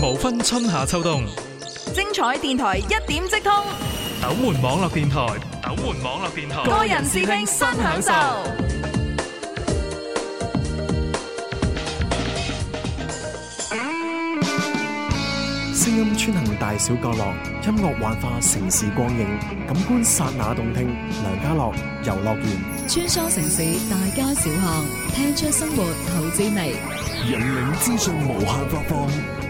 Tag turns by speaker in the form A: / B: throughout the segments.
A: 無分春夏秋冬，
B: 精彩電台一
A: 點即通。斗門網絡電台，斗門網絡電台，個人視聽新享受。聲音穿行大小角落，音樂幻化城市光影，感官剎那動聽。梁家樂遊樂園，穿梭城市大街小巷，聽出生活好滋味。引領
B: 資訊無限發放。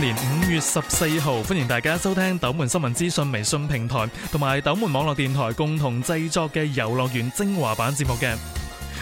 A: 今年五月十四號，歡迎大家收聽斗門新聞資訊微信平台同埋斗門網絡電台共同製作嘅遊樂園精華版節目嘅。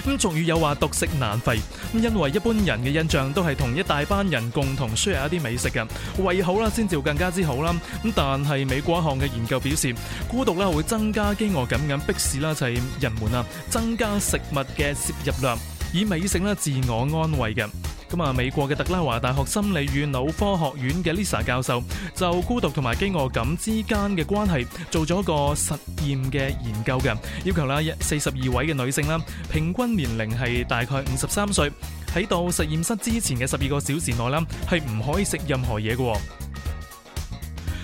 A: 咁俗語有話獨食難肥，因為一般人嘅印象都係同一大班人共同 share 一啲美食嘅，胃好啦，先至更加之好啦。咁但係美國一項嘅研究表示，孤獨咧會增加飢餓感，咁逼使啦就係人們啊增加食物嘅攝入量，以美食咧自我安慰嘅。咁啊，美國嘅特拉華大學心理與腦科學院嘅 Lisa 教授就孤獨同埋飢餓感之間嘅關係做咗個實驗嘅研究㗎，要求啦四十二位嘅女性啦，平均年齡係大概五十三歲，喺到實驗室之前嘅十二個小時內啦，係唔可以食任何嘢嘅。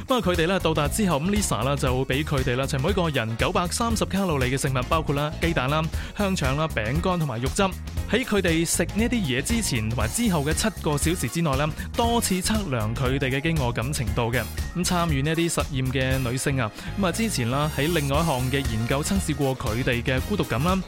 A: 不過，佢哋咧到達之後，Lisa 就俾佢哋啦，每個人九百三十卡路里嘅食物，包括啦雞蛋啦、香腸啦、餅乾同埋肉汁。喺佢哋食呢啲嘢之前同埋之後嘅七個小時之內咧，多次測量佢哋嘅飢餓感程度嘅。咁參與呢啲實驗嘅女性啊，咁啊之前啦喺另外一項嘅研究測試過佢哋嘅孤獨感啦。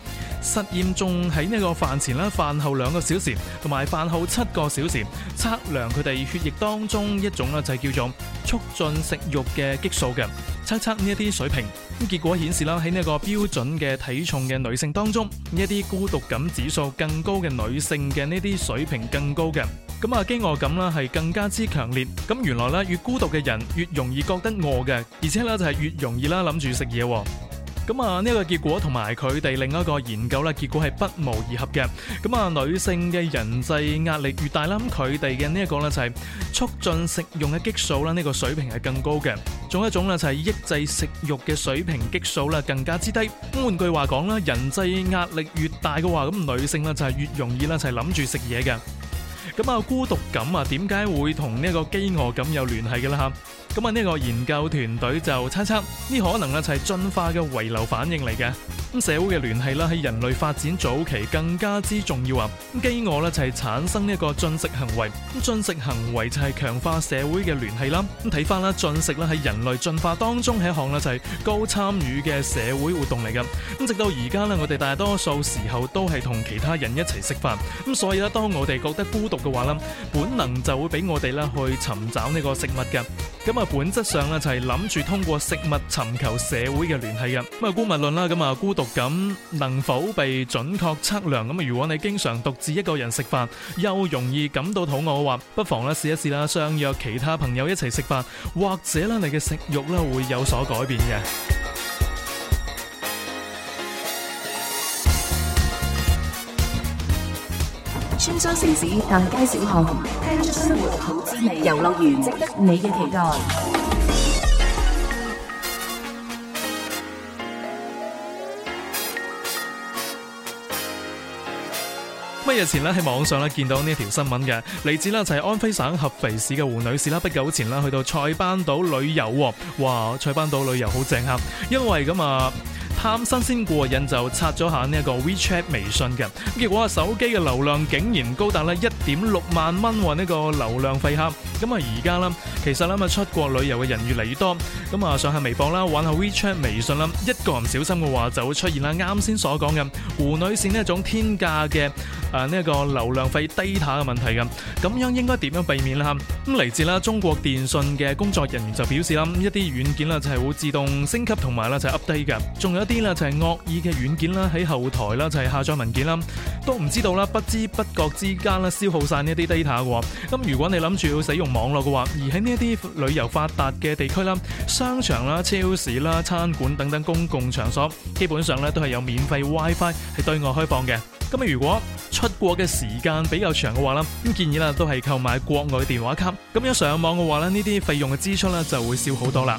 A: 實驗仲喺呢個飯前啦、飯後兩個小時同埋飯後七個小時，測量佢哋血液當中一種啦，就係叫做促進食慾嘅激素嘅。測測呢一啲水平，咁結果顯示啦，喺呢一個標準嘅體重嘅女性當中，呢一啲孤獨感指數更高嘅女性嘅呢啲水平更高嘅，咁啊飢餓感啦係更加之強烈，咁原來咧越孤獨嘅人越容易覺得餓嘅，而且咧就係越容易啦諗住食嘢。咁啊，呢個結果同埋佢哋另一個研究咧，結果係不謀而合嘅。咁啊，女性嘅人際壓力越大啦，咁佢哋嘅呢一個咧就係促進食用嘅激素啦，呢個水平係更高嘅。仲有一種咧就係抑制食欲嘅水平激素啦，更加之低。咁換句話講啦，人際壓力越大嘅話，咁女性咧就係越容易咧，就係諗住食嘢嘅。咁啊，孤獨感啊，點解會同呢個飢餓感有聯繫嘅啦？咁啊，呢個研究團隊就猜測呢，可能啊，就係進化嘅遺留反應嚟嘅。咁社會嘅聯繫啦，喺人類發展早期更加之重要啊！咁飢餓咧就係產生一個進食行為，咁進食行為就係強化社會嘅聯繫啦。咁睇翻啦，進食咧喺人類進化當中係一項啦，就係高參與嘅社會活動嚟噶。咁直到而家咧，我哋大多數時候都係同其他人一齊食飯。咁所以咧，當我哋覺得孤獨嘅話咧，本能就會俾我哋啦去尋找呢個食物嘅。咁啊，本質上咧就係諗住通過食物尋求社會嘅聯繫嘅。咁啊，孤物論啦，咁啊孤獨。咁能否被準確測量？咁啊，如果你經常獨自一個人食飯，又容易感到肚餓，嘅話不妨咧試一試啦，相約其他朋友一齊食飯，或者啦，你嘅食慾啦會有所改變嘅。穿梭城市大街小巷，聽出生活好滋味，遊樂園值得你嘅期待。日前咧喺網上咧見到呢一條新聞嘅，嚟自咧就係安徽省合肥市嘅胡女士啦。不久前啦，去到塞班島旅遊，哇！塞班島旅遊好正啊，因為咁啊。貪新鮮過癮就刷咗下呢一個 WeChat 微信嘅，咁結果手機嘅流量竟然高達咧一點六萬蚊喎，呢個流量費嚇，咁啊而家啦，其實啦咁啊出國旅遊嘅人越嚟越多，咁啊上下微博啦，玩下 WeChat 微信啦，一個唔小心嘅話就會出現啦啱先所講嘅胡女士呢一種天價嘅啊呢一個流量費低塔嘅問題嘅，咁樣應該點樣避免咧？咁嚟自啦中國電信嘅工作人員就表示啦，一啲軟件啦就係會自動升級同埋啦就 update 嘅。仲有。啲啦就係惡意嘅軟件啦，喺後台啦就係下載文件啦，都唔知道啦，不知不覺之間啦，消耗晒呢啲 data 嘅。咁如果你諗住要使用網絡嘅話，而喺呢一啲旅遊發達嘅地區啦，商場啦、超市啦、餐館等等公共場所，基本上咧都係有免費 WiFi 係對外開放嘅。咁啊，如果出國嘅時間比較長嘅話啦，咁建議啦都係購買國外嘅電話卡，咁樣上網嘅話咧呢啲費用嘅支出咧就會少好多啦。